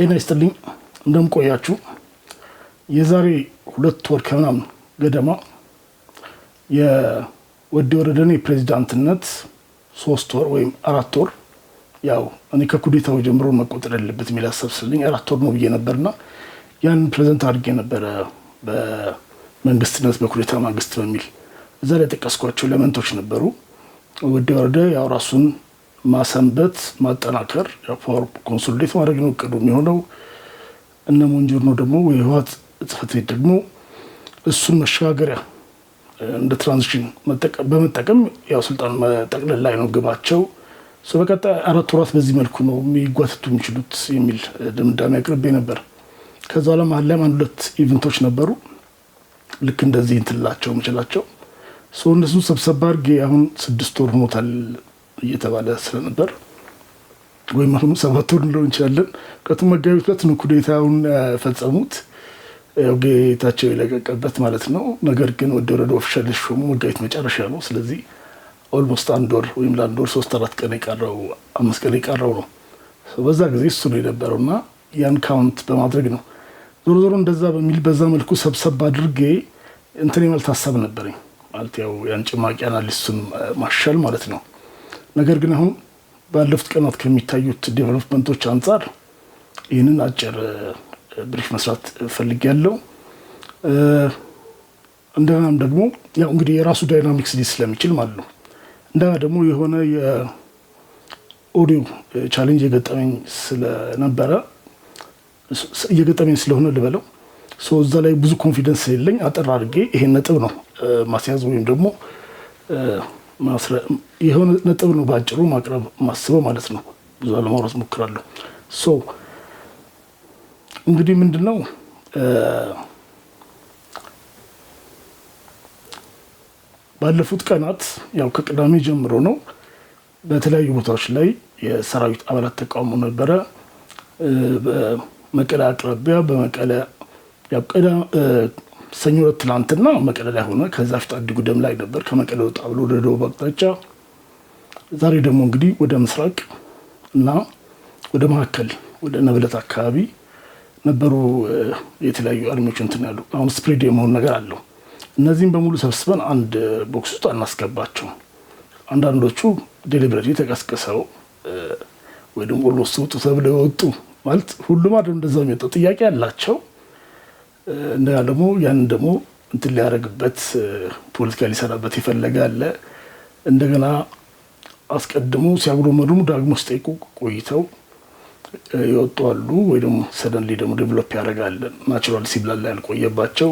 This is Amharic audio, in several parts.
ጤና ይስጥልኝ እንደምቆያችሁ። የዛሬ ሁለት ወር ከምናምን ገደማ የወዲ ወረደን የፕሬዚዳንትነት ሶስት ወር ወይም አራት ወር ያው እኔ ከኩዴታው ጀምሮ መቆጠር ያለበት የሚል ሀሳብ ስልኝ አራት ወር ነው ብዬ ነበርና ያን ፕሬዘንት አድርጌ ነበረ በመንግስትነት በኩዴታ ማግስት በሚል እዛ ላይ የጠቀስኳቸው ለመንቶች ነበሩ። ወዲ ወረደ ያው ራሱን ማሰንበት፣ ማጠናከር ፓወር ኮንሶሊዴት ማድረግ ነው እቅዱ የሚሆነው። እነ ነው ደግሞ የህወሓት ጽሕፈት ቤት ደግሞ እሱን መሸጋገሪያ እንደ ትራንዚሽን በመጠቀም ያው ስልጣን መጠቅለል ላይ ነው ግባቸው። በቀጣይ አራት ወራት በዚህ መልኩ ነው የሚጓትቱ የሚችሉት የሚል ድምዳሜ አቅርቤ ነበር። ከዛ ኋላ መሀል ላይም አንድ ሁለት ኢቨንቶች ነበሩ ልክ እንደዚህ እንትላቸው ምችላቸው እነሱን ሰብሰብ አድርጌ አሁን ስድስት ወር ሆኖታል እየተባለ ስለነበር ወይም አሁኑ ሰባት ወር እንለው እንችላለን። ከቱ መጋቢት ሁለት ነው ኩዴታውን ፈጸሙት፣ ጌታቸው የለቀቀበት ማለት ነው። ነገር ግን ወደ ወረደ ኦፊሻል ሾሙ መጋቢት መጨረሻ ነው። ስለዚህ ኦልሞስት አንድ ወር ወይም ለአንድ ወር ሶስት አራት ቀን የቀረው አምስት ቀን የቀረው ነው። በዛ ጊዜ እሱ ነው የነበረው እና ያን ካውንት በማድረግ ነው ዞሮ ዞሮ እንደዛ በሚል በዛ መልኩ ሰብሰብ አድርጌ እንትን የማለት ሀሳብ ነበረኝ ማለት ያው ያን ጭማቂ አናሊስቱን ማሻል ማለት ነው። ነገር ግን አሁን ባለፉት ቀናት ከሚታዩት ዴቨሎፕመንቶች አንጻር ይህንን አጭር ብሪፍ መስራት ፈልጊያለሁ። እንደናም ደግሞ ያው እንግዲህ የራሱ ዳይናሚክስ ሊዝ ስለሚችል ማለት ነው። እንደና ደግሞ የሆነ የኦዲዮ ቻሌንጅ የገጠመኝ ስለነበረ እየገጠመኝ ስለሆነ ልበለው እዛ ላይ ብዙ ኮንፊደንስ የለኝ። አጠር አድርጌ ይሄን ነጥብ ነው ማስያዝ ወይም ደግሞ የሆነ ነጥብ ነው በአጭሩ ማቅረብ ማስበው ማለት ነው። ብዙ ለማውራት ሞክራለሁ። ሶ እንግዲህ ምንድን ነው ባለፉት ቀናት ያው ከቅዳሜ ጀምሮ ነው በተለያዩ ቦታዎች ላይ የሰራዊት አባላት ተቃውሞ ነበረ። በመቀለ አቅራቢያ በመቀለ ሰኞ ትናንትና መቀለ ላይ ሆነ። ከዛ ፊት አዲ ጉደም ላይ ነበር። ከመቀለ ወጣ ብሎ ወደ ደቡብ አቅጣጫ፣ ዛሬ ደግሞ እንግዲህ ወደ ምስራቅ እና ወደ መካከል ወደ ነብለት አካባቢ ነበሩ የተለያዩ አድሚዎች እንትን ያሉ። አሁን ስፕሬድ የመሆን ነገር አለው። እነዚህም በሙሉ ሰብስበን አንድ ቦክስ ውስጥ አናስገባቸው። አንዳንዶቹ ዴሊብሬት የተቀስቅሰው ወይ ደግሞ ሎስ ውጡ ተብለው የወጡ ማለት ሁሉም አደ እንደዛ የሚወጣው ጥያቄ ያላቸው እንደገና ደግሞ ያንን ደግሞ እንትን ሊያደርግበት ፖለቲካ ሊሰራበት የፈለገ አለ። እንደገና አስቀድሞ ሲያጉረመሩም ዳግሞ ሲጠይቁ ቆይተው የወጡ አሉ። ወይ ደግሞ ሰደንሊ ደግሞ ዴቨሎፕ ያደርጋለን ናቹራል ላይ ያልቆየባቸው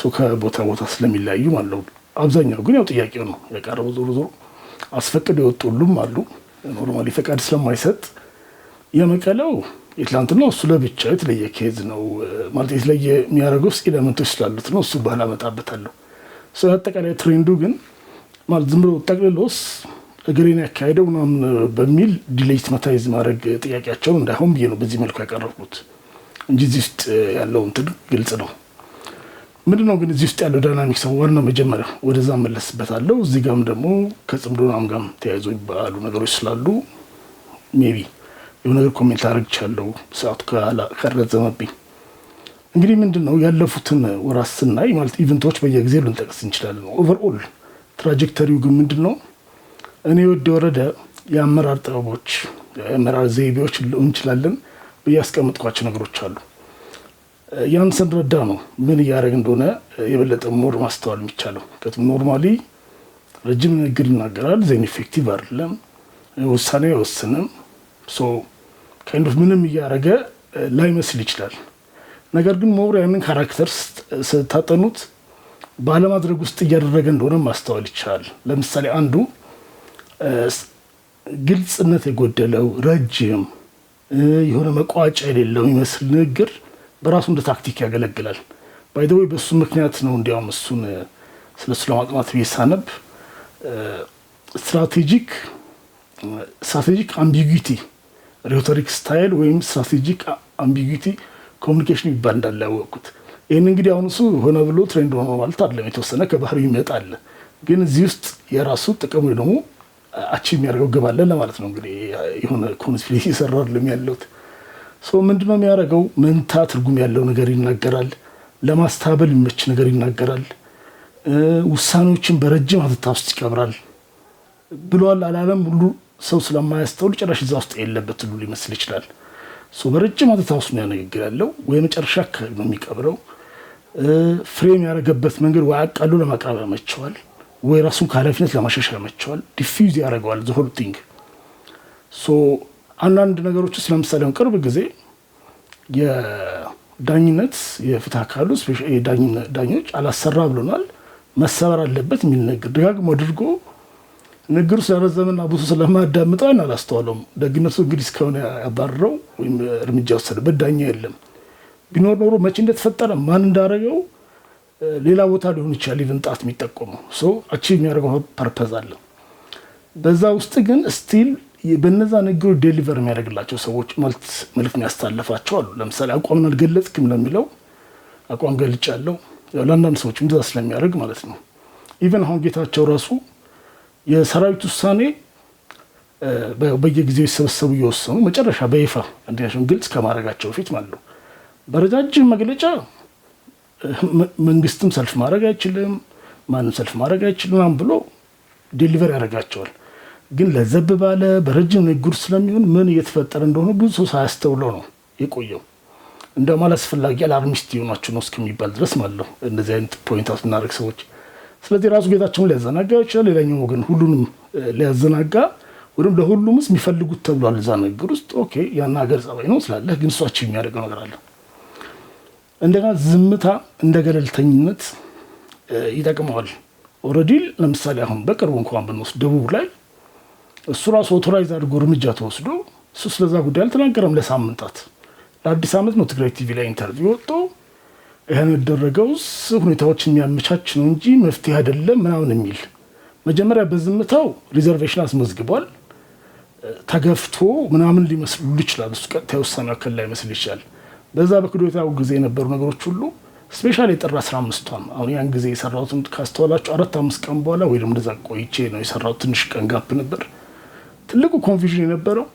ሰው ከቦታ ቦታ ስለሚለያዩ አለው። አብዛኛው ግን ያው ጥያቄው ነው የቀረበ። ዞሮ ዞሮ አስፈቅዶ የወጡ ሁሉም አሉ። ኖርማሊ ፈቃድ ስለማይሰጥ የመቀለው የትላንትናው እሱ ለብቻ የተለየ ኬዝ ነው ማለት የተለየ የሚያደርገው ውስጥ ኤለመንቶች ስላሉት ነው። እሱ ባህል አመጣበታለሁ። አጠቃላይ ትሬንዱ ግን ማለት ዝም ብሎ ጠቅልሎስ እግሬን ያካሄደው ምናምን በሚል መታይዝ ማድረግ ጥያቄያቸውን እንዳይሆን ብዬ ነው በዚህ መልኩ ያቀረብኩት እንጂ እዚህ ውስጥ ያለው እንትን ግልጽ ነው። ምንድን ነው ግን እዚህ ውስጥ ያለው ዳይናሚክስ ዋናው መጀመሪያ ወደዛ መለስበታለሁ። እዚህ ጋም ደግሞ ከጽምዶናም ጋም ተያይዞ ይባሉ ነገሮች ስላሉ ሜቢ የሆነ ነገር ኮሜንት አድርግቻለሁ። ሰዓቱ ከረዘመብኝ እንግዲህ ምንድን ነው ያለፉትን ወራት ስናይ ማለት ኢቨንቶች በየጊዜው ልንጠቅስ እንችላለን። ኦቨርኦል ትራጀክተሪው ግን ምንድን ነው እኔ ወደ ወረደ የአመራር ጥበቦች፣ የአመራር ዘይቤዎች እንችላለን ብያስቀምጥኳቸው ነገሮች አሉ። ያን ስንረዳ ነው ምን እያደረግ እንደሆነ የበለጠ ሞር ማስተዋል የሚቻለው። ምክንያቱም ኖርማሊ ረጅም ንግግር ይናገራል፣ ዘን ኢፌክቲቭ አይደለም፣ ውሳኔ አይወስንም። ከንድ ምንም እያደረገ ላይመስል ይችላል። ነገር ግን ሞር ያንን ካራክተር ስታጠኑት ባለማድረግ ውስጥ እያደረገ እንደሆነ ማስተዋል ይቻላል። ለምሳሌ አንዱ ግልጽነት የጎደለው ረጅም የሆነ መቋጫ የሌለው የሚመስል ንግግር በራሱ እንደ ታክቲክ ያገለግላል። ወይ በእሱ ምክንያት ነው። እንዲያውም እሱን ስለ እሱ ለማጥናት ቤት ሳነብ ስትራቴጂክ አምቢጉቲ። ሪቶሪክ ስታይል ወይም ስትራቴጂክ አምቢጊቲ ኮሚኒኬሽን ይባል እንዳለ ያወቅኩት። ይህን እንግዲህ አሁን እሱ ሆነ ብሎ ትሬንድ ሆኖ ማለት አይደለም። የተወሰነ ከባህሪ ይመጣል፣ ግን እዚህ ውስጥ የራሱ ጥቅም ወይ ደግሞ አቺ የሚያደርገው ግብ አለ ለማለት ነው። እንግዲህ የሆነ ኮንስፒሬሲ ይሰራ ያለሁት ሰው ምንድነው የሚያደርገው? መንታ ትርጉም ያለው ነገር ይናገራል። ለማስተባበል የሚመች ነገር ይናገራል። ውሳኔዎችን በረጅም አትታ ውስጥ ይቀብራል ብሏል አላለም ሁሉ ሰው ስለማያስተውል ጭራሽ እዛ ውስጥ የለበት ሁሉ ሊመስል ይችላል። በረጅም አተታ ውስጥ ነው ያንግግር ያለው ወይ መጨረሻ አካባቢ ነው የሚቀብረው። ፍሬም ያደረገበት መንገድ ወይ አቃሉ ለማቅረብ ያመቸዋል፣ ወይ ራሱን ከኃላፊነት ለማሸሽ ያመቸዋል። ዲፊዝ ያደረገዋል ዘሆል ቲንግ። አንዳንድ ነገሮች ውስጥ ለምሳሌ ቅርብ ጊዜ የዳኝነት የፍትህ አካሉ ዳኞች አላሰራ ብሎናል መሰበር አለበት የሚል ነገር ደጋግሞ አድርጎ ንግሩ ስለረዘመና ብዙ ስለማዳምጠን አላስተዋለም። አላስተዋለውም። ደግነቱ እንግዲህ እስከሆነ ያባረረው ወይም እርምጃ ወሰደበት ዳኛ የለም። ቢኖር ኖሮ መቼ እንደተፈጠረ ማን እንዳደረገው ሌላ ቦታ ሊሆን ይችላል። ኢቨን ጣት የሚጠቆመው ሰው አቺቭ የሚያደርገው ፐርፐዝ አለ። በዛ ውስጥ ግን ስቲል በነዛ ንግሩ ዴሊቨር የሚያደርግላቸው ሰዎች መልት መልክ የሚያስታለፋቸው አሉ። ለምሳሌ አቋምን አልገለጽክም ለሚለው አቋም ገልጫለሁ። ለአንዳንድ ሰዎች እንደዛ ስለሚያደርግ ማለት ነው። ኢቨን አሁን ጌታቸው ራሱ የሰራዊት ውሳኔ በየጊዜው የሰበሰቡ እየወሰኑ መጨረሻ በይፋ እንዲያሽን ግልጽ ከማድረጋቸው በፊት ማለት ነው። በረጃጅም መግለጫ መንግስትም ሰልፍ ማድረግ አይችልም፣ ማንም ሰልፍ ማድረግ አይችልም ምናምን ብሎ ዴሊቨር ያደርጋቸዋል። ግን ለዘብ ባለ በረጅም ንግግር ስለሚሆን ምን እየተፈጠረ እንደሆነ ብዙ ሰው ሳያስተውለው ነው የቆየው። እንደውም አላስፈላጊ አላርሚስት የሆናቸው ነው እስከሚባል ድረስ ማለት ነው። እነዚህ አይነት ፖይንት አውት እናደርግ ሰዎች ስለዚህ ራሱ ጌታቸውን ሊያዘናጋ ይችላል። ሌላኛው ወገን ሁሉንም ሊያዘናጋ ወይም ለሁሉም ስ የሚፈልጉት ተብሏል እዛ ንግግር ውስጥ ኦኬ፣ ያን ሀገር ጸባይ ነው ስላለህ ግን እሷቸው የሚያደርገው ነገር አለ። እንደገና ዝምታ እንደ ገለልተኝነት ይጠቅመዋል። ኦልሬዲ ለምሳሌ አሁን በቅርቡ እንኳን ብንወስድ ደቡብ ላይ እሱ ራሱ ኦቶራይዝ አድርጎ እርምጃ ተወስዶ እሱ ስለዛ ጉዳይ አልተናገረም ለሳምንታት። ለአዲስ ዓመት ነው ትግራይ ቲቪ ላይ ኢንተርቪው ወጥቶ ይህ የሚደረገውስ ሁኔታዎች የሚያመቻች ነው እንጂ መፍትሄ አይደለም ምናምን የሚል መጀመሪያ በዝምታው ሪዘርቬሽን አስመዝግቧል። ተገፍቶ ምናምን ሊመስሉ ይችላል። እሱ ቀጥታ የውሳኔ አካል ላይ መስል ይችላል። በዛ በክዶታው ጊዜ የነበሩ ነገሮች ሁሉ ስፔሻል የጥር 15ቷም አሁን ያን ጊዜ የሰራሁትን ካስተዋላችሁ አራት አምስት ቀን በኋላ ወይ ደግሞ እንደዛ ቆይቼ ነው የሰራሁት። ትንሽ ቀን ጋፕ ነበር። ትልቁ ኮንፊዥን የነበረው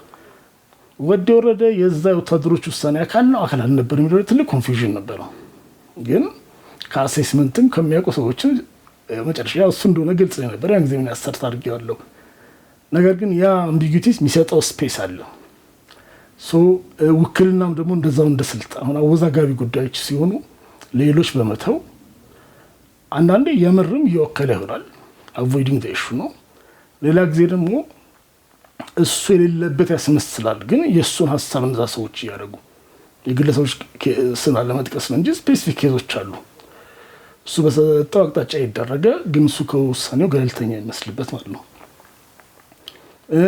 ወደ ወረደ የዛ የወታደሮች ውሳኔ አካል ነው አካል አልነበር የሚለው ትልቅ ኮንፊዥን ነበረው። ግን ከአሴስመንትም ከሚያውቁ ሰዎችም መጨረሻ እሱ እንደሆነ ግልጽ ነበር። ያን ጊዜ ምን ያሰርት አድርጌዋለሁ። ነገር ግን ያ አምቢጊቲ የሚሰጠው ስፔስ አለ። ውክልናም ደግሞ እንደዛው እንደ ስልት አሁን አወዛጋቢ ጉዳዮች ሲሆኑ ሌሎች በመተው አንዳንዴ የምርም እየወከለ ይሆናል። አቮይዲንግ ዘሹ ነው። ሌላ ጊዜ ደግሞ እሱ የሌለበት ያስመስላል። ግን የእሱን ሀሳብ እነዛ ሰዎች እያደረጉ የግለሰቦች ስም አለመጥቀስ ነው እንጂ ስፔሲፊክ ኬዞች አሉ። እሱ በሰጠው አቅጣጫ ይደረገ፣ ግን እሱ ከውሳኔው ገለልተኛ ይመስልበት ማለት ነው።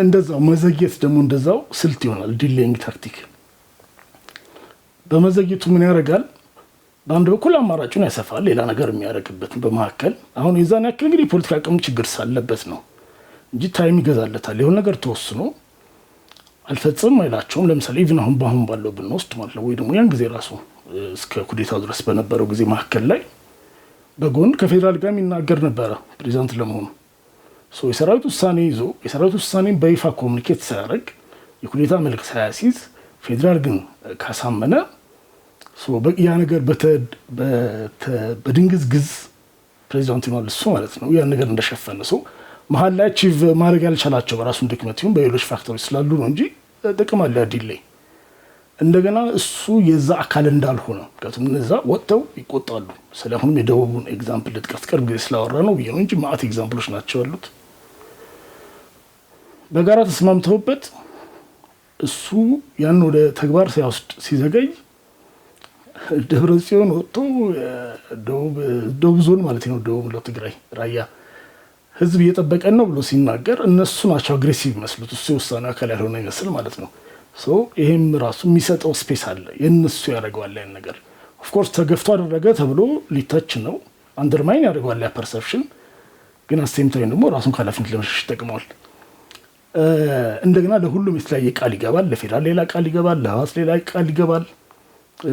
እንደዛው መዘግየት ደግሞ እንደዛው ስልት ይሆናል። ዲሌይንግ ታክቲክ በመዘግየቱ ምን ያደርጋል? በአንድ በኩል አማራጩን ያሰፋል፣ ሌላ ነገር የሚያደርግበት በመካከል አሁን የዛን ያክል እንግዲህ የፖለቲካ አቅም ችግር ሳለበት ነው እንጂ ታይም ይገዛለታል። የሆነ ነገር ተወስኖ አልፈጽም አይላቸውም። ለምሳሌ ኢቭን አሁን በአሁን ባለው ብንወስድ ማለት ነው ወይ ደግሞ ያን ጊዜ ራሱ እስከ ኩዴታ ድረስ በነበረው ጊዜ መካከል ላይ በጎን ከፌዴራል ጋር የሚናገር ነበረ ፕሬዚዳንት ለመሆኑ የሰራዊት ውሳኔ ይዞ የሰራዊት ውሳኔን በይፋ ኮሚኒኬት ሳያደርግ የኩዴታ መልክ ሳያሲዝ ፌዴራል ግን ካሳመነ ያ ነገር በድንግዝ ግዝ ፕሬዚዳንቱ ይሆናል እሱ ማለት ነው። ያን ነገር እንደሸፈነ ሰው መሀል ላይ አቺቭ ማድረግ ያልቻላቸው በራሱን ድክመት ይሁን በሌሎች ፋክተሮች ስላሉ ነው እንጂ ጥቅም አለ ዲል ላይ እንደገና እሱ የዛ አካል እንዳልሆነ ምክንያቱም እነዛ ወጥተው ይቆጣሉ። ስለአሁንም የደቡቡን ኤግዛምፕል ልጥቀስ፣ ቅርብ ጊዜ ስላወራ ነው ብዬ ነው እንጂ ማአት ኤግዛምፕሎች ናቸው ያሉት። በጋራ ተስማምተውበት እሱ ያን ወደ ተግባር ሲያወስድ ሲዘገይ ደብረ ጽዮን ወጥቶ ደቡብ ዞን ማለት ነው ደቡብ ትግራይ ራያ ህዝብ እየጠበቀን ነው ብሎ ሲናገር እነሱ ናቸው አግሬሲቭ መስሉት እሱ የውሳኔ አካል ያልሆነ ይመስል ማለት ነው። ይሄም ራሱ የሚሰጠው ስፔስ አለ የእነሱ ያደርገዋል ያን ነገር ኦፍኮርስ ተገፍቶ አደረገ ተብሎ ሊተች ነው አንደርማይን ያደርገዋል ያ ፐርሰፕሽን፣ ግን አስቴም ታይም ደግሞ ራሱን ከኃላፊነት ለመሸሽ ይጠቅመዋል። እንደገና ለሁሉም የተለያየ ቃል ይገባል። ለፌዴራል ሌላ ቃል ይገባል፣ ለሀዋስ ሌላ ቃል ይገባል፣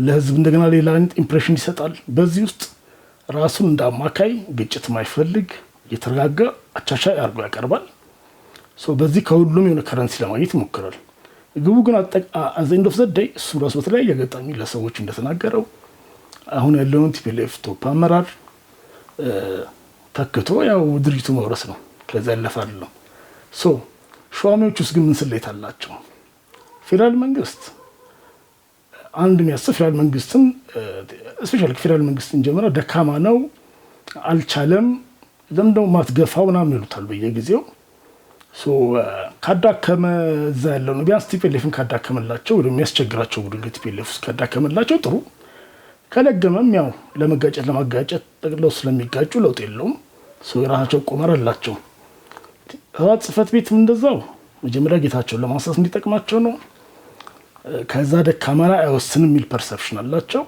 ለህዝብ እንደገና ሌላ ኢምፕሬሽን ይሰጣል። በዚህ ውስጥ ራሱን እንደ አማካይ ግጭት ማይፈልግ የተረጋጋ አቻቻይ አድርጎ ያቀርባል። በዚህ ከሁሉም የሆነ ከረንሲ ለማግኘት ይሞክራል። ግቡ ግን ዘንድ ኦፍ ዘዳይ እሱ ራሱ በተለያየ አጋጣሚ ለሰዎች እንደተናገረው አሁን ያለውን ቲፒኤልኤፍ ቶፕ አመራር ተክቶ ያው ድርጅቱ መውረስ ነው። ከዚ ያለፋል ነው። ሶ ሸዋሚዎች ውስጥ ግን ምን ስሌት አላቸው? ፌዴራል መንግስት አንድ የሚያስብ ፌዴራል መንግስትን ስፔሻል ፌዴራል መንግስትን ጀምሮ ደካማ ነው አልቻለም ለምንደው ማትገፋው ምናምን ይሉታል በየጊዜው ካዳከመ እዛ ያለው ነው። ቢያንስ ቲፒኤልኤፍን ካዳከመላቸው ወይም የሚያስቸግራቸው ቡድን ከቲፒኤልኤፍ ውስጥ ካዳከመላቸው ጥሩ። ከለገመም ያው ለመጋጨት ለማጋጨት ጠቅለው ስለሚጋጩ ለውጥ የለውም። የራሳቸው ቁመር አላቸው። ህወሓት ጽሕፈት ቤት እንደዛው መጀመሪያ ጌታቸውን ለማሳስ እንዲጠቅማቸው ነው። ከዛ ደካማ ላይ አይወስንም የሚል ፐርሰፕሽን አላቸው።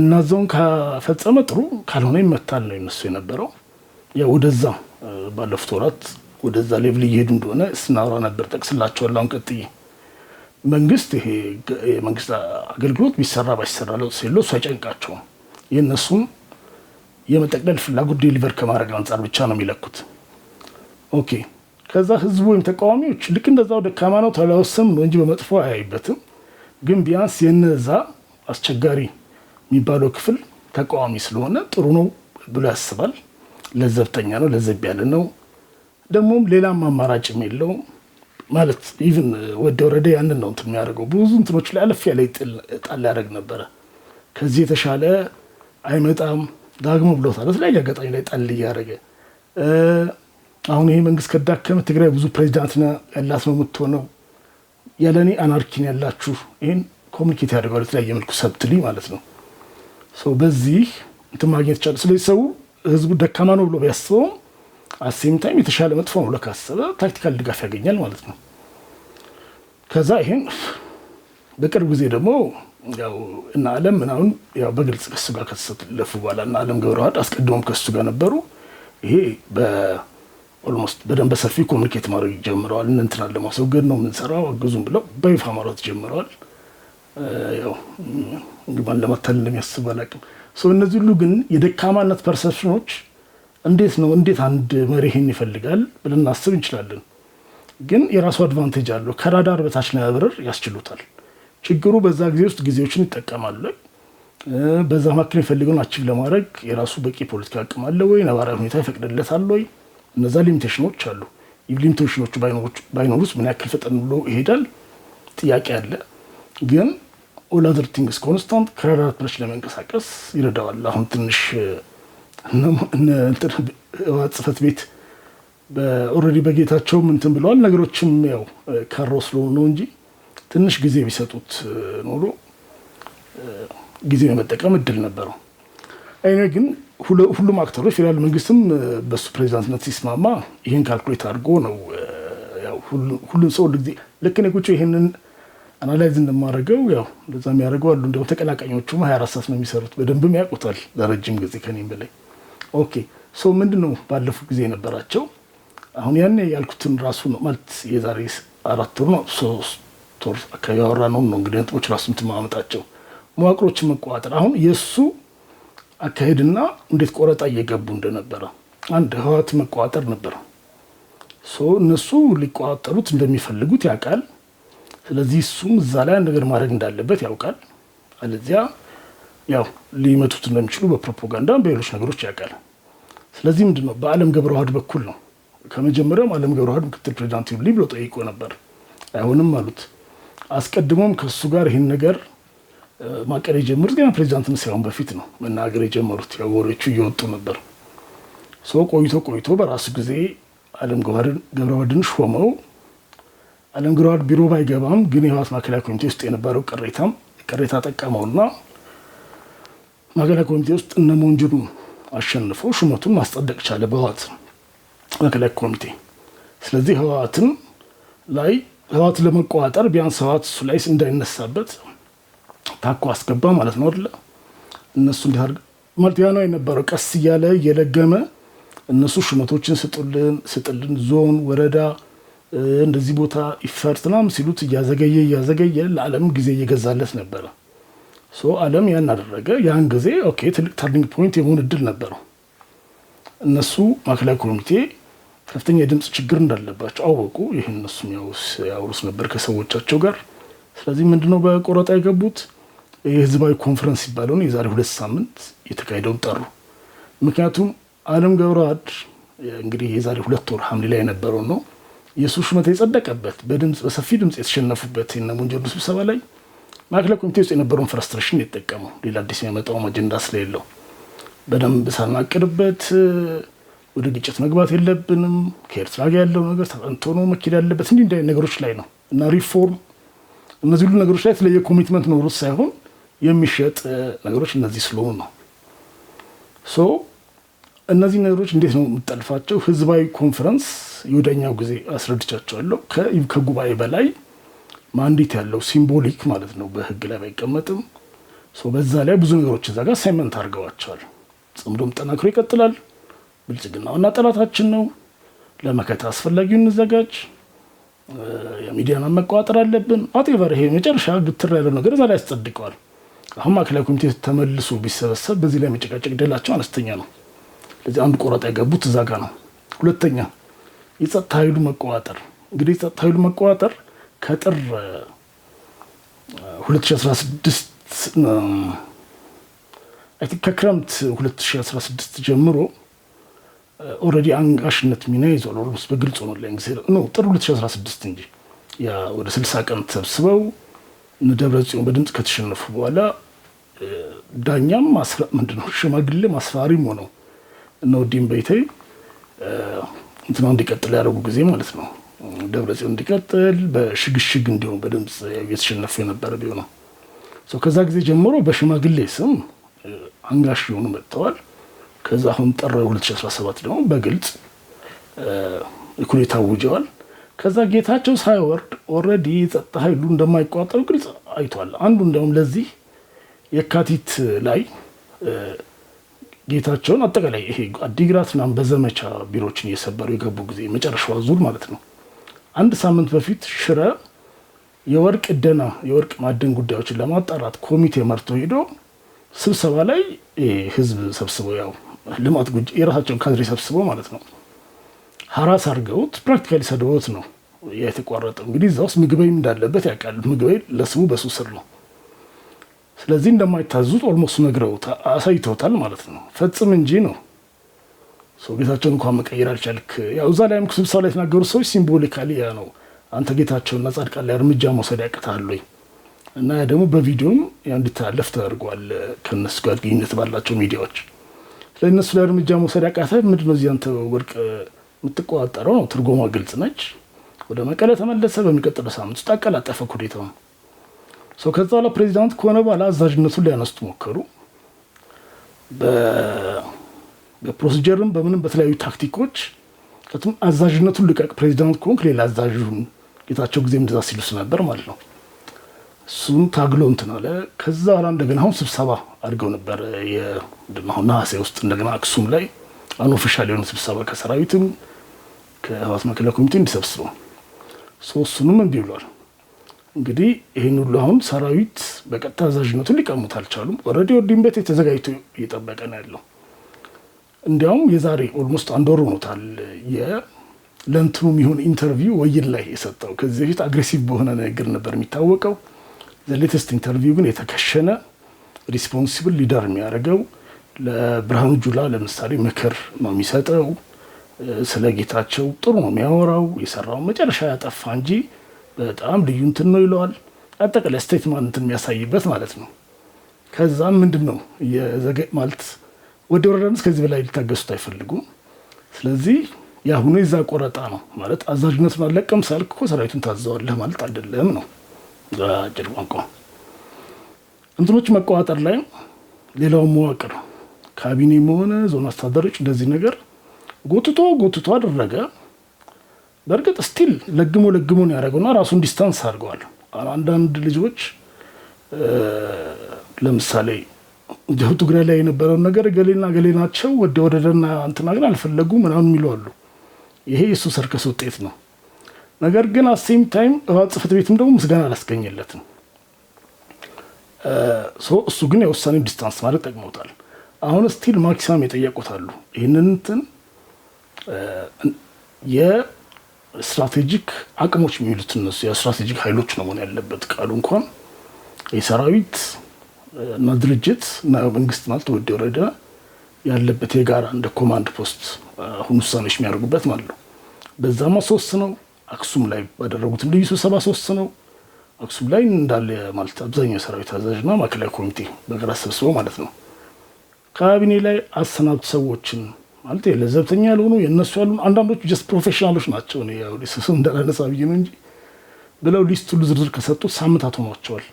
እናዛውን ከፈጸመ ጥሩ ካልሆነ ይመታል ነው የነሱ የነበረው። ያው ወደዛ ባለፉት ወራት ወደዛ ሌቭል እየሄዱ እንደሆነ ስናወራ ነበር፣ ጠቅስላቸዋለሁ። አሁን ቀጥዬ መንግስት ይሄ የመንግስት አገልግሎት ቢሰራ ባይሰራ ለውጥ ሲለ እሱ አይጨንቃቸውም። የእነሱም የመጠቅለል ፍላጎት ዴሊቨር ከማድረግ አንጻር ብቻ ነው የሚለኩት። ኦኬ ከዛ ህዝቡ ወይም ተቃዋሚዎች ልክ እንደዛው ደካማ ነው ተለውስም እንጂ በመጥፎ አያይበትም። ግን ቢያንስ የነዛ አስቸጋሪ የሚባለው ክፍል ተቃዋሚ ስለሆነ ጥሩ ነው ብሎ ያስባል። ለዘብተኛ ነው፣ ለዘብ ያለ ነው። ደግሞም ሌላም አማራጭም የለው ማለት ኢቭን ወደ ወረደ ያንን ነው እንትን የሚያደርገው። ብዙ እንትኖች ላይ አለፍ ያለ ጣል ያደርግ ነበረ። ከዚህ የተሻለ አይመጣም ዳግሞ ብሎታል። በተለያየ አጋጣሚ ላይ ጣል እያደረገ አሁን ይሄ መንግስት ከዳከመ ትግራይ ብዙ ፕሬዚዳንት ያላት ነው የምትሆነው። ያለኔ አናርኪን ያላችሁ ይህን ኮሚኒኬት ያደርጋሉ የተለያየ መልኩ ሰብትሊ ማለት ነው። በዚህ እንትን ማግኘት ይቻላል። ስለዚህ ሰው ህዝቡ ደካማ ነው ብሎ ቢያስበውም አሴም ታይም የተሻለ መጥፎ ነው ብሎ ካሰበ ታክቲካል ድጋፍ ያገኛል ማለት ነው። ከዛ ይሄን በቅርብ ጊዜ ደግሞ ያው እና አለም ምናምን ያው በግልጽ ከሱ ጋር ከተሰለፉ በኋላ እና አለም ገብረዋህድ አስቀድሞም ከሱ ጋር ነበሩ። ይሄ በኦልሞስት በደንብ በሰፊ ኮሚኒኬት ማድረግ ጀምረዋል። እንትና ለማስወገድ ነው የምንሰራው አግዙም ብለው በይፋ ማውራት ጀምረዋል። ግባን ለመተን እንደሚያስብ አላውቅም። እነዚህ ሁሉ ግን የደካማነት ፐርሰፕሽኖች እንዴት ነው እንዴት አንድ መሪ ይሄን ይፈልጋል ብለን እናስብ እንችላለን። ግን የራሱ አድቫንቴጅ አለው። ከራዳር በታች ለመብረር ያስችሉታል። ችግሩ በዛ ጊዜ ውስጥ ጊዜዎችን ይጠቀማሉ። በዛ መካከል የሚፈልገውን አቺቭ ለማድረግ የራሱ በቂ ፖለቲካ አቅም አለ ወይ? ነባራዊ ሁኔታ ይፈቅድለታል ወይ? እነዛ ሊሚቴሽኖች አሉ። ሊሚቴሽኖቹ ባይኖሩስ ምን ያክል ፈጠን ብሎ ይሄዳል ጥያቄ አለ ግን ኦል አዘር ቲንግስ ኮንስታንት ከረዳት ብረች ለመንቀሳቀስ ይረዳዋል። አሁን ትንሽ ህወሓት ጽሕፈት ቤት ኦልሬዲ በጌታቸውም እንትን ብለዋል። ነገሮችም ያው ካሮ ስለሆኑ ነው እንጂ ትንሽ ጊዜ ቢሰጡት ኖሮ ጊዜ በመጠቀም እድል ነበረው። አይነ ግን ሁሉም አክተሮች ፌዴራል መንግስትም በሱ ፕሬዚዳንትነት ሲስማማ ይህን ካልኩሌት አድርጎ ነው ሁሉን ሰው ሁሉ ጊዜ ልክ እኔ ቁጭ ይህንን አናላይዝ እንደማደርገው ያው እንደዛ የሚያደርገው አሉ። እንዲያው ተቀናቃኞቹ ሀያ አራት ሰዓት ነው የሚሰሩት፣ በደንብም ያውቁታል ለረጅም ጊዜ ከኔም በላይ። ኦኬ ሶ ምንድን ነው ባለፉት ጊዜ የነበራቸው አሁን ያኔ ያልኩትን ራሱ ነው ማለት የዛሬ አራት ወር ነው ሶስት ወር አካባቢ ያወራ ነው ነው እንግዲህ ነጥቦች ራሱ እንትን ማመጣቸው መዋቅሮችን መቆጣጠር አሁን የእሱ አካሄድና እንዴት ቆረጣ እየገቡ እንደነበረ አንድ ህወሓት መቆጣጠር ነበር። እነሱ ሊቆጣጠሩት እንደሚፈልጉት ያውቃል። ስለዚህ እሱም እዛ ላይ አንድ ነገር ማድረግ እንዳለበት ያውቃል። አለዚያ ያው ሊመቱት እንደሚችሉ በፕሮፓጋንዳ በሌሎች ነገሮች ያውቃል። ስለዚህ ምንድነው በአለም ገብረዋህድ በኩል ነው ከመጀመሪያውም አለም ገብረዋህድ ምክትል ፕሬዚዳንት ይሁንልኝ ብሎ ጠይቆ ነበር። አይሆንም አሉት። አስቀድሞም ከእሱ ጋር ይህን ነገር ማቀድ የጀመሩት ገና ፕሬዚዳንትን ሳይሆን በፊት ነው መናገር የጀመሩት። ያው ወሬዎቹ እየወጡ ነበር። ሰው ቆይቶ ቆይቶ በራሱ ጊዜ አለም ገብረዋህድን ሾመው አለም ግራድ ቢሮ ባይገባም ግን የህወሓት ማዕከላዊ ኮሚቴ ውስጥ የነበረው ቅሬታም ቅሬታ ጠቀመውና ማዕከላዊ ኮሚቴ ውስጥ እነ ሞንጁን አሸንፎ ሹመቱን ማስጸደቅ ቻለ በህወሓት ማዕከላዊ ኮሚቴ። ስለዚህ ህወሓትን ላይ ህወሓትን ለመቆጣጠር ቢያንስ ህወሓት እሱ ላይ እንዳይነሳበት ታኮ አስገባ ማለት ነው አይደለ? እነሱ እንዲያርግ ማለት ያ ነው የነበረው። ቀስ እያለ እየለገመ እነሱ ሹመቶችን ስጡልን ስጥልን ዞን፣ ወረዳ እንደዚህ ቦታ ይፈርስ ምናምን ሲሉት እያዘገየ እያዘገየ ለዓለም ጊዜ እየገዛለት ነበረ። ዓለም ያን አደረገ። ያን ጊዜ ኦኬ ትልቅ ተርኒንግ ፖይንት የመሆን እድል ነበረው። እነሱ ማዕከላዊ ኮሚቴ ከፍተኛ የድምፅ ችግር እንዳለባቸው አወቁ። ይህ እነሱ ያውሩስ ነበር ከሰዎቻቸው ጋር። ስለዚህ ምንድነው በቆረጣ የገቡት የህዝባዊ ኮንፈረንስ ሲባለውን የዛሬ ሁለት ሳምንት የተካሄደውን ጠሩ። ምክንያቱም ዓለም ገብረአድ እንግዲህ የዛሬ ሁለት ወር ሐምሌ ላይ የነበረው ነው የእሱ ሹመት የጸደቀበት በድምፅ በሰፊ ድምፅ የተሸነፉበት ና ሞንጆሉ ስብሰባ ላይ ማዕከላዊ ኮሚቴ ውስጥ የነበረውን ፍራስትሬሽን የጠቀመው ሌላ አዲስ የሚያመጣውም አጀንዳ ስለሌለው በደንብ ሳናቅድበት ወደ ግጭት መግባት የለብንም ከኤርትራ ጋር ያለው ነገር ተጠንቶ ነው መኬድ ያለበት እንዲህ እንዲህ ነገሮች ላይ ነው እና ሪፎርም እነዚህ ሁሉ ነገሮች ላይ የተለየ ኮሚትመንት ኖሮት ሳይሆን የሚሸጥ ነገሮች እነዚህ ስለሆኑ ነው። ሶ እነዚህ ነገሮች እንዴት ነው የምጠልፋቸው? ህዝባዊ ኮንፈረንስ የወደኛው ጊዜ አስረድቻቸዋለሁ። ከጉባኤ በላይ ማንዴት ያለው ሲምቦሊክ ማለት ነው። በህግ ላይ ባይቀመጥም በዛ ላይ ብዙ ነገሮች እዛ ጋር ሳይመንት አድርገዋቸዋል። ጽምዶም ጠናክሮ ይቀጥላል። ብልጽግና ዋና ጠላታችን ነው። ለመከታ አስፈላጊው እንዘጋጅ። የሚዲያን መቆጣጠር አለብን። አጤቨር ይሄ መጨረሻ ግትር ያለው ነገር እዛ ላይ ያስጸድቀዋል። አሁን ማዕከላዊ ኮሚቴ ተመልሶ ቢሰበሰብ በዚህ ላይ መጨቃጨቅ ደላቸው አነስተኛ ነው። ለዚህ አንድ ቆረጣ የገቡት እዛ ጋ ነው። ሁለተኛ የጸጥታ ኃይሉ መቆጣጠር እንግዲህ የጸጥታ ኃይሉ መቆጣጠር ከጥር 2016 ከክረምት 2016 ጀምሮ ኦልሬዲ አንጋሽነት ሚና ይዟል። ኦልሞስት በግልጽ ሆኖ ላይ ጊዜ ነው ጥር 2016 እንጂ ወደ 60 ቀን ተሰብስበው ደብረ ጽዮን በድምፅ ከተሸነፉ በኋላ ዳኛም ምንድነው ሽማግሌም አስፈሪም ሆነው እነ ወዲም በይተይ እንትናው እንዲቀጥል ያደረጉ ጊዜ ማለት ነው። ደብረ ጽዮን እንዲቀጥል በሽግሽግ እንዲሁም በድምፅ እየተሸነፉ የነበረ ቢሆነው ከዛ ጊዜ ጀምሮ በሽማግሌ ስም አንጋሽ የሆኑ መጥተዋል። ከዛ አሁን ጥር 2017 ደግሞ በግልጽ ኩዴታ አውጀዋል። ከዛ ጌታቸው ሳይወርድ ኦልሬዲ ጸጥታ ኃይሉ እንደማይቋጠሩ ግልጽ አይቷል። አንዱ እንዲያውም ለዚህ የካቲት ላይ ጌታቸውን አጠቃላይ ይሄ አዲግራት ምናምን በዘመቻ ቢሮችን እየሰበሩ የገቡ ጊዜ መጨረሻዋ ዙር ማለት ነው። አንድ ሳምንት በፊት ሽረ የወርቅ ደና የወርቅ ማደን ጉዳዮችን ለማጣራት ኮሚቴ መርቶ ሄዶ ስብሰባ ላይ ህዝብ ሰብስበው ያው ልማት የራሳቸውን ካድሬ ሰብስበው ማለት ነው ሀራስ አድርገውት ፕራክቲካሊ ሰድበውት ነው የተቋረጠው። እንግዲህ እዛ ውስጥ ምግበይ እንዳለበት ያውቃል። ምግበይ ለስሙ በሱ ስር ነው ለዚህ እንደማይታዙት ኦልሞስት ነግረውታል፣ አሳይተውታል ማለት ነው። ፈጽም እንጂ ነው ሰው ጌታቸውን እንኳን መቀየር አልቻልክ። ያው እዛ ላይ ስብሰባ ላይ የተናገሩት ሰዎች ሲምቦሊካሊ ያ ነው። አንተ ጌታቸውና ጻድቃን ላይ እርምጃ መውሰድ ያቅታሉኝ እና ያ ደግሞ በቪዲዮም እንዲተላለፍ ተደርጓል። ከነሱ ጋር ግንኙነት ባላቸው ሚዲያዎች ስለእነሱ ላይ እርምጃ መውሰድ ያቃተ ምንድን ነው? እዚህ አንተ ወርቅ የምትቆጣጠረው ነው። ትርጉሟ ግልጽ ነች። ወደ መቀለ ተመለሰ። በሚቀጥለው ሳምንት ውስጥ አቀላጠፈ ኩዴታውን። ሰው ከዛ በኋላ ፕሬዚዳንት ከሆነ በኋላ አዛዥነቱን ሊያነሱት ሞከሩ። በፕሮሲጀርም በምንም በተለያዩ ታክቲኮች ቱም አዛዥነቱን ልቀቅ፣ ፕሬዚዳንት ከሆንክ ሌላ አዛዥን ጌታቸው ጊዜ እንደዛ ሲሉስ ነበር ማለት ነው። እሱም ታግሎ እንትን አለ። ከዛ በኋላ እንደገና አሁን ስብሰባ አድርገው ነበር አሁን ነሐሴ ውስጥ እንደገና አክሱም ላይ አንኦፊሻል የሆነ ስብሰባ ከሰራዊትም ከህወሓት መከላከያ ኮሚቴ እንዲሰብስበው ሶስቱንም እምቢ ብሏል። እንግዲህ ይህን ሁሉ አሁን ሰራዊት በቀጥታ አዛዥነቱን ሊቀሙት አልቻሉም። ኦልሬዲ ወዲንቤቴ ተዘጋጅቶ እየጠበቀ ነው ያለው። እንዲያውም የዛሬ ኦልሞስት አንድ ወር ሆኖታል ለእንትኑ የሚሆን ኢንተርቪው ወይን ላይ የሰጠው ከዚህ በፊት አግሬሲቭ በሆነ ንግግር ነበር የሚታወቀው። ዘሌተስት ኢንተርቪው ግን የተከሸነ ሪስፖንሲብል ሊደር የሚያደርገው ለብርሃኑ ጁላ ለምሳሌ ምክር ነው የሚሰጠው። ስለ ጌታቸው ጥሩ ነው የሚያወራው። የሰራውን መጨረሻ ያጠፋ እንጂ በጣም ልዩ እንትን ነው ይለዋል። አጠቃላይ ስቴትመንት የሚያሳይበት ማለት ነው። ከዛም ምንድን ነው የዘገ- ማለት ወደ ወረዳነት ከዚህ በላይ ሊታገሱት አይፈልጉም። ስለዚህ የአሁኑ የዛ ቆረጣ ነው ማለት አዛዥነቱን አለቀም ሳልክ እኮ ሰራዊቱን ታዘዋለህ ማለት አይደለም ነው አጭር ቋንቋ። እንትኖች መቆጣጠር ላይ ሌላውን መዋቅር ካቢኔም ሆነ ዞን አስተዳደሮች እንደዚህ ነገር ጎትቶ ጎትቶ አደረገ። በእርግጥ ስቲል ለግሞ ለግሞ ነው ያደረገውና ራሱን ዲስታንስ አድርገዋል። አንዳንድ ልጆች ለምሳሌ ጀው ትግራይ ላይ የነበረውን ነገር ገሌና ገሌ ናቸው ወደ ወደደና እንትና ግን አልፈለጉ ምናምን የሚሉ አሉ። ይሄ የእሱ ሰርከስ ውጤት ነው። ነገር ግን አሴም ታይም እባ ጽሕፈት ቤትም ደግሞ ምስጋና አላስገኘለትም። እሱ ግን የውሳኔ ዲስታንስ ማድረግ ጠቅመውታል። አሁን ስቲል ማክሲማም የጠየቁት አሉ ይህንን እንትን ስትራቴጂክ አቅሞች የሚሉት እነሱ የስትራቴጂክ ኃይሎች ነው መሆን ያለበት። ቃሉ እንኳን የሰራዊት እና ድርጅት እና መንግስት ማለት ወደ ወረደ ያለበት የጋራ እንደ ኮማንድ ፖስት አሁን ውሳኔዎች የሚያደርጉበት ማለት ነው። በዛማ ሶስት ነው አክሱም ላይ ባደረጉትም ልዩ ስብሰባ ሶስት ነው አክሱም ላይ እንዳለ ማለት አብዛኛው የሰራዊት አዛዥና ማዕከላዊ ኮሚቴ በጋራ ሰብስበው ማለት ነው ካቢኔ ላይ አሰናብት ሰዎችን ማለት ለዘብተኛ ያልሆኑ የእነሱ ያሉ አንዳንዶቹ ጀስት ፕሮፌሽናሎች ናቸው። ስሱ እንዳላነሳ ብዬ ነው እንጂ ብለው ሊስት ሁሉ ዝርዝር ከሰጡት ሳምንታት ሆኗቸዋል።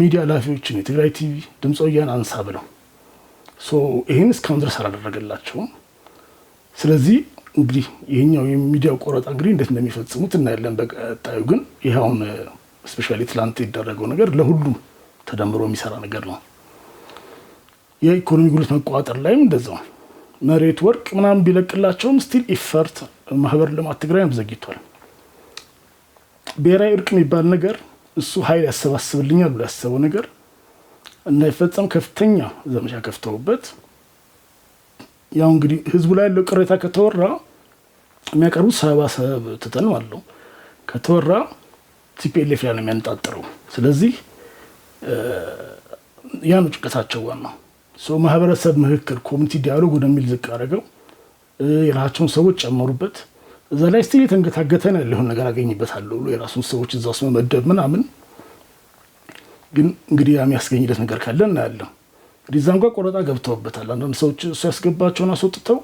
ሚዲያ ኃላፊዎችን የትግራይ ቲቪ፣ ድምፀ ወያነ አንሳ ብለው ይህን እስካሁን ድረስ አላደረገላቸውም። ስለዚህ እንግዲህ ይህኛው የሚዲያው ቆረጣ እንግዲህ እንዴት እንደሚፈጽሙት እናያለን። በቀጣዩ ግን ይኸውን ስፔሻሊ ትላንት የደረገው ነገር ለሁሉም ተደምሮ የሚሰራ ነገር ነው። የኢኮኖሚ ጉልት መቋጠር ላይም እንደዛው መሬት ወርቅ ምናምን ቢለቅላቸውም ስቲል ኢፈርት ማህበር ልማት ትግራይም ዘግይቷል። ብሔራዊ እርቅ የሚባል ነገር እሱ ሀይል ያሰባስብልኛል ብሎ ያሰበው ነገር እንዳይፈጸም ከፍተኛ ዘመቻ ከፍተውበት ያው እንግዲህ ህዝቡ ላይ ያለው ቅሬታ ከተወራ የሚያቀርቡት ሰባ ሰበብ ትተን አለው ከተወራ ቲፒኤልኤፍ ላይ ነው የሚያነጣጥረው። ስለዚህ ያ ነው ጭንቀታቸው ዋናው። ማህበረሰብ ምክክር ኮሚኒቲ ዲያሎግ ወደሚል ዝቅ አደረገው። የራሳቸውን ሰዎች ጨመሩበት። እዛ ላይ ስቲል የተንገታገተ ነው ነገር አገኝበታለሁ ብሎ የራሱን ሰዎች እዛ ውስጥ መመደብ ምናምን፣ ግን እንግዲህ የሚያስገኝለት ነገር ካለ እናያለን። እንግዲህ እዛ እንኳ ቆረጣ ገብተውበታል። አንዳንድ ሰዎች እሱ ያስገባቸውን አስወጥተው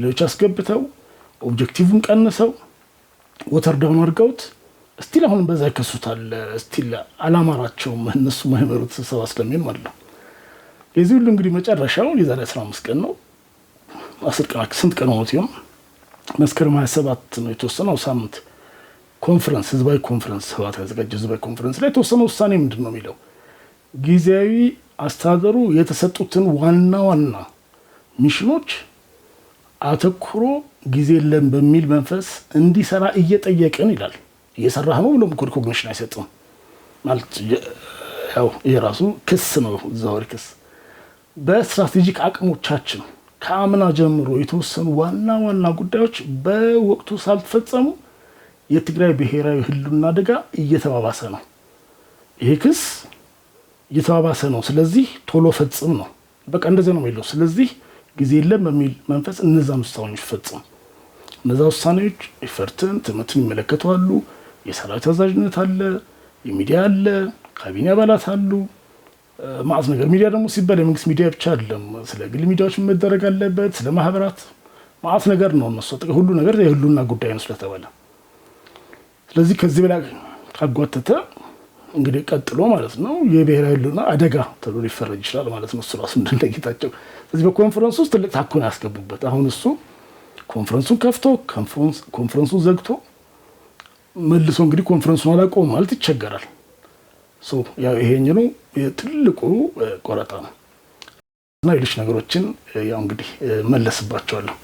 ሌሎች አስገብተው ኦብጀክቲቭን ቀንሰው ወተር ደሆን አድርገውት ስቲል አሁንም በዛ ይከሱታል። ስቲል አላማራቸውም እነሱ ማይመሩት ስብሰባ ስለሚሆን ማለት ነው። የዚህ ሁሉ እንግዲህ መጨረሻው የዛሬ 15 ቀን ነው። አስር ቀን ስንት ቀን ሆኖት ሲሆን መስከረም 27 ነው የተወሰነው ሳምንት ኮንፈረንስ ህዝባዊ ኮንፈረንስ ህወሓት ያዘጋጀ ህዝባዊ ኮንፈረንስ ላይ የተወሰነ ውሳኔ ምንድን ነው የሚለው ጊዜያዊ አስተዳደሩ የተሰጡትን ዋና ዋና ሚሽኖች አተኩሮ ጊዜ የለም በሚል መንፈስ እንዲሰራ እየጠየቅን ይላል። እየሰራህ ነው ብሎም ኮድ አይሰጥም ማለት ያው የራሱ ክስ ነው ዘወር ክስ በስትራቴጂክ አቅሞቻችን ከአምና ጀምሮ የተወሰኑ ዋና ዋና ጉዳዮች በወቅቱ ሳልተፈጸሙ የትግራይ ብሔራዊ ህሉና አደጋ እየተባባሰ ነው። ይሄ ክስ እየተባባሰ ነው። ስለዚህ ቶሎ ፈጽም ነው። በቃ እንደዚያ ነው የሚለው። ስለዚህ ጊዜ የለም በሚል መንፈስ እነዛን ውሳኔዎች ፈጽም። እነዛ ውሳኔዎች ኤፈርትን፣ ትምህርትን ይመለከተዋሉ። የሰራዊት አዛዥነት አለ፣ የሚዲያ አለ፣ ካቢኔ አባላት አሉ። ማዕዝ ነገር ሚዲያ ደግሞ ሲባል የመንግስት ሚዲያ ብቻ አይደለም። ስለ ግል ሚዲያዎች መደረግ አለበት፣ ስለ ማህበራት ማዕዝ ነገር ነው። እነሱ ሁሉ ነገር የህሉና ጉዳይ ነው ስለተባለ ስለዚህ ከዚህ በላይ ካጓተተ እንግዲህ ቀጥሎ ማለት ነው የብሔራዊ ህሉና አደጋ ተብሎ ሊፈረጅ ይችላል ማለት ነው። እሱ ራሱ ስለዚህ በኮንፈረንሱ ውስጥ ትልቅ ታኮን ያስገቡበት። አሁን እሱ ኮንፈረንሱን ከፍቶ ኮንፈረንሱን ዘግቶ መልሶ እንግዲህ ኮንፈረንሱን አላቆም ማለት ይቸገራል። ያው ይሄኛው ትልቁ ቆረጣ ነው እና ሌሎች ነገሮችን ያው እንግዲህ መለስባቸዋለሁ።